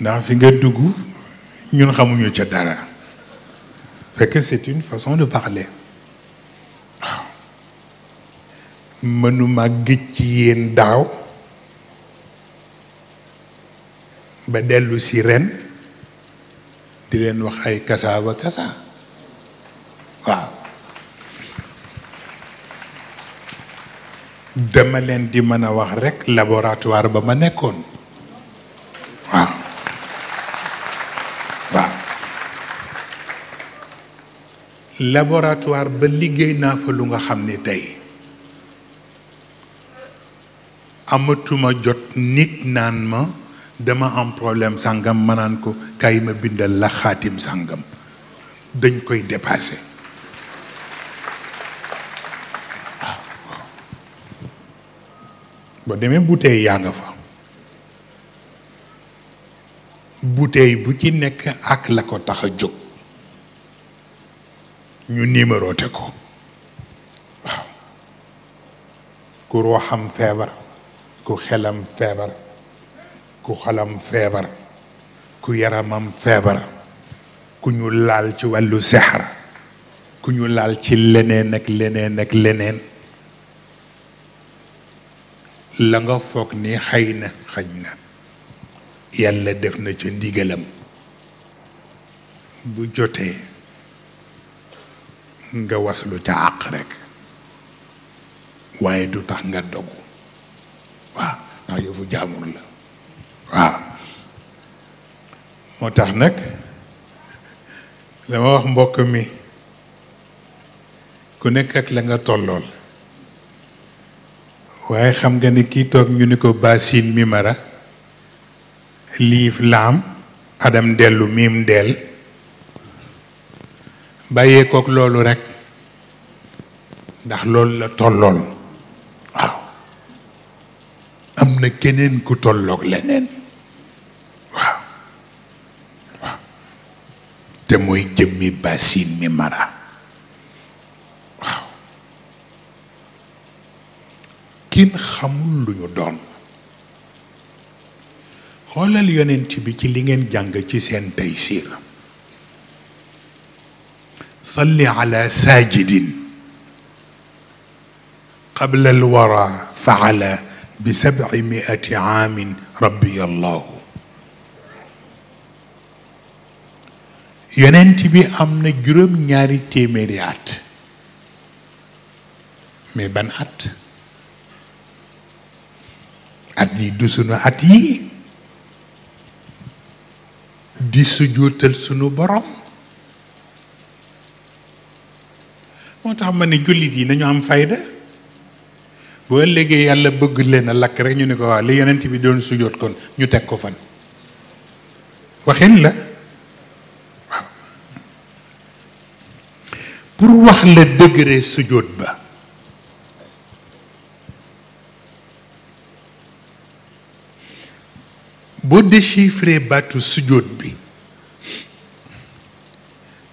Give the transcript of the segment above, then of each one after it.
ndax fi nga dugg ñun xamuñu ca dara fekk c'est une façon de parler waaw mënuma gëj ci yéen daaw ba dellu si ren di leen wax ay kasaaba kasa waaw dama leen di mën a wax rekk laboratoire ba ma nekkoon laboratoire ba liggéey naa fa lu nga xam ne tey amatuma jot nit naan ma dama am problème sàngam ma naan ko kaay ma bindal la xaatim sàngam dañ koy dépassé boo demee bouteille yaa nga fa bouteille bu ci nekk ak la ko tax a jóg ñu numéroté ko waaw ku ruuxam feebar ku xelam feebar ku xolam feebar ku yaramam feebar ku ñu laal ci wàllu sexar ku ñu laal ci leneen ak leneen ak leneen la nga foog ni xëy na xañ na yàlla def na ci ndigalam bu jotee nga waslu ca àq rek waaye du tax nga dogu waaw ndax yëfu jaamur la waaw moo tax nag dama wax mbokk mi ku nekk ak la nga tollool waaye xam nga ni kii toog ñu ni ko basin mimara liif laam adam dellu miim del bàyyee kook loolu rekk ndax loolu la tollool waaw am na keneen ku tolloog leneen waaw te mooy jëmmi basin mi mara waaw kin xamul lu ñu doon xoolal yonent bi ci li ngeen jàng ci seen tey salli ala saajidin qabla alwara faala bi sabci miati aamin rabbi allahu yonent bi am na juróom ñaari téeméeri at mais ban at at yi du sunu at yi di sujootal sunu borom moo tax ma ne jullit yi nañu am fayda bu ëllëgee yàlla bëgg leen a lakk rek ñu ne ko waaw li yonent bi doon sujjóot kon ñu teg ko fan waxin la waaw pour wax la degré sujjóot ba boo déchiffré baatu sujjóot bi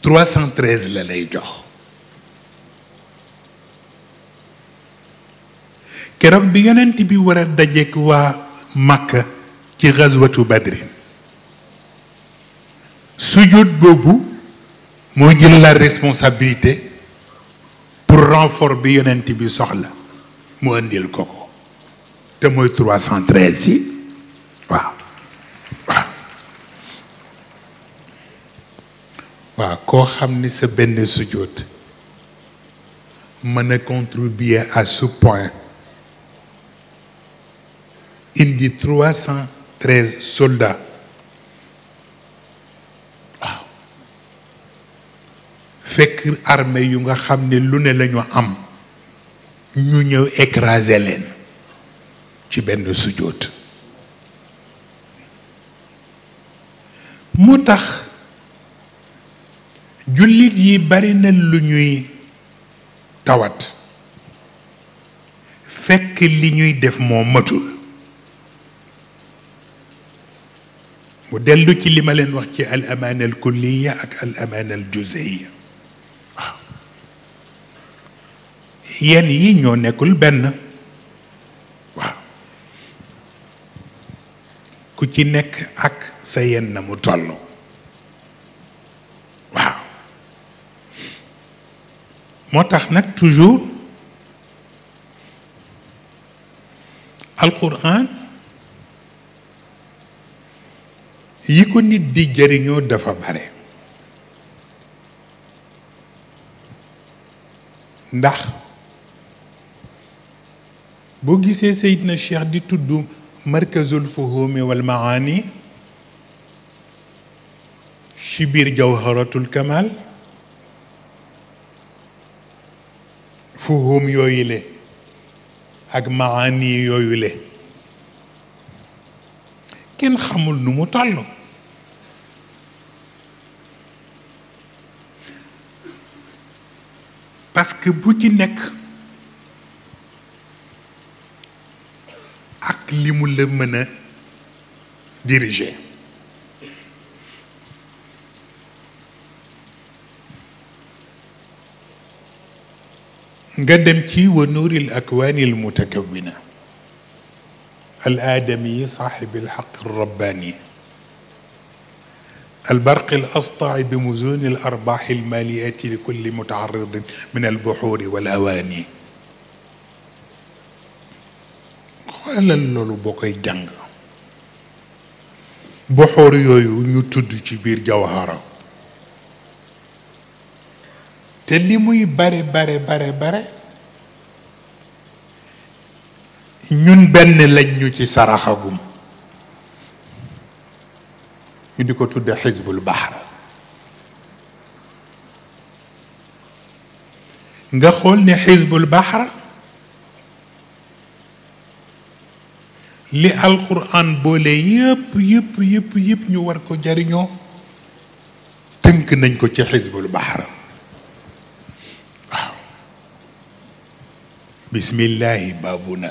313 la lay jox keroog bi yonent bi war a dajeek waa Makka ci gazwatu badrin sujud boobu moo jël la responsabilité pour renfort bi yonent bi soxla mu indil ko ko te mooy 313 waaw koo xam ni sa benn sujud mën a contribuer à ce indi trois cent treize soldats fekk armée yu nga xam ne lu ne lañu ñu am ñu ñëw écraser leen ci benn sujjóot mu tax jullit yi bari na lu ñuy tawat fekk li ñuy def moo matul mu dellu ci li ma leen wax ci al amaana al kulliya ak al amaana al juziya waaw yenn yi ñoo nekkul benn waaw ku ci nekk ak sa yenn na mu toll waaw moo tax nag toujours al quran yi ko nit di jëriñoo dafa bare ndax boo gisee Seydina Cheikh di tudd markazul fuhumi wal maani ci biir jawharatul kamal fuhum yooyu ak maani yooyu kenn xamul nu mu toll parce que bu ci nekk ak li mu la mën a diriger nga dem ci wa nuuril akwaani al mutakawina al aadami saaxibi al xaq rabbaani البرق الأسطع بمزون الأرباح المالية لكل متعرض من البحور والأواني xoolal loolu boo koy jàng boxoor yooyu ñu tudd ci biir jawhara te li muy bare bare bare bare ñun benn lañ ñu ci saraxagum ñu di ko tudde xisbul baxar nga xool ne xisbul baxar li alquran boole yëpp yëpp yëpp ñu war ko jariñoo tënk nañ ko ci xisbul baxar waaw bismillahi na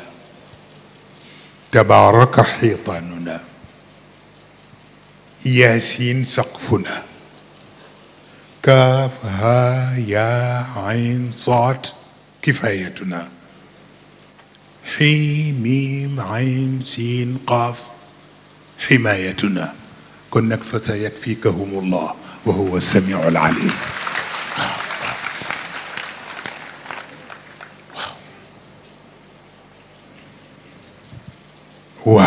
tabaraka xiitaanuna ياسين سقفنا كاف ها يا عين صاد كفايتنا حي ميم عين سين قاف حمايتنا كنك فسيكفيكهم الله وهو السميع العليم واو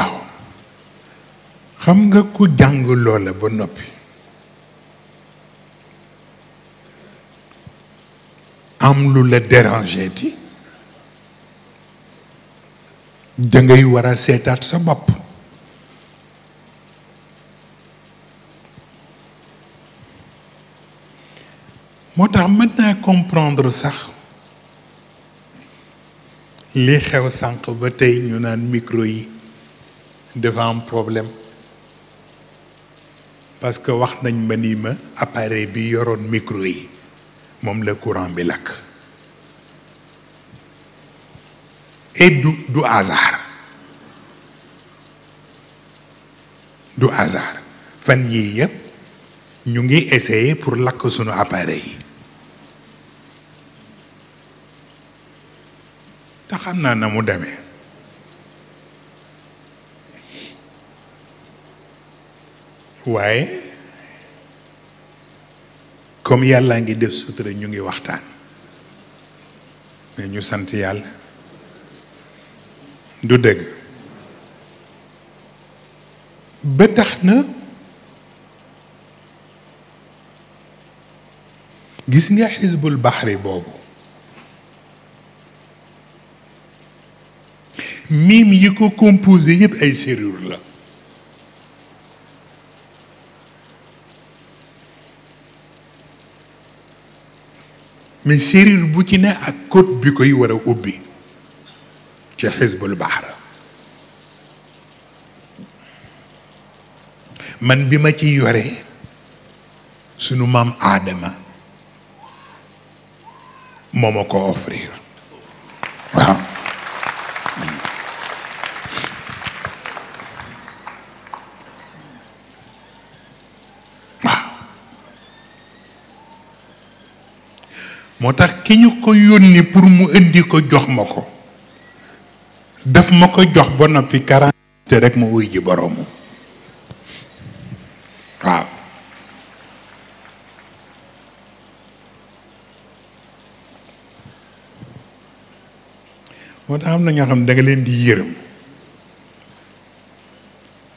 واو xam nga ku jàng loola ba noppi am lu la déranger ti dangay war a seetaat sa bopp moo tax mën naa comprendre sax li xew sànq ba tey ñu naan micro yi dafa am problème parce que wax nañ ma ni ma appareil bi yoroon micro yi moom la courant bi lakk et du du hasard du hasard fan yii yëpp ñu ngi essayer pour lakk sunu appareil yi te xam naa na mu demee waaye comme yàllaa ngi def sutura ñu ngi waxtaan mais ñu sant yàlla du dëgg ba tax na gis nga xisbul baxri boobu mim yi ko composé yëpp ay serrure la mais séeréer bu ci ne ak côte bi koy war a ubbi ci xisbul baxra man bi ma ci yore sunu maam aadama moo ma ko offrir moo tax ki ñu ko yónni pour mu indi ko jox ma ko daf ma ko jox ba noppi quarante rek ma wuy ji boroomu waaw moo tax am na ñoo xam da leen di yërëm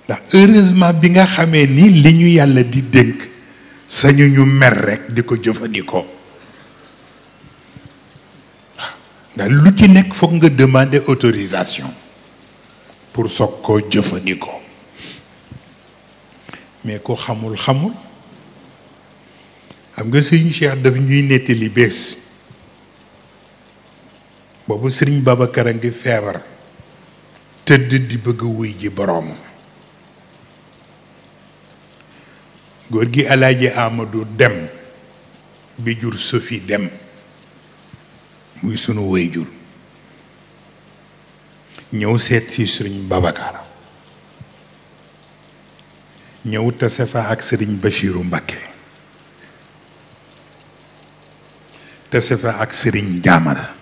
ndax heureusement bi nga xamee ni li ñu yàlla di dénk sañu ñu mer rek di ko jëfandikoo ndax lu ci nekk foog nga demander autorisation pour soog koo jëfandikoo mais ko xamul xamul xam nga sëriñ Cheikh daf ñuy nettali bés boobu sëriñ Babacar a ngi feebar tëdd di bëgg wuy ji boroomam góor gi alaaji Amadou Dem bi jur Sofi Dem muy sunu waajur ñëw seet si sëriñ Babacar ñëw tase fa ak sëriñ Bachiru Mbakke tase ak sëriñ Jaamal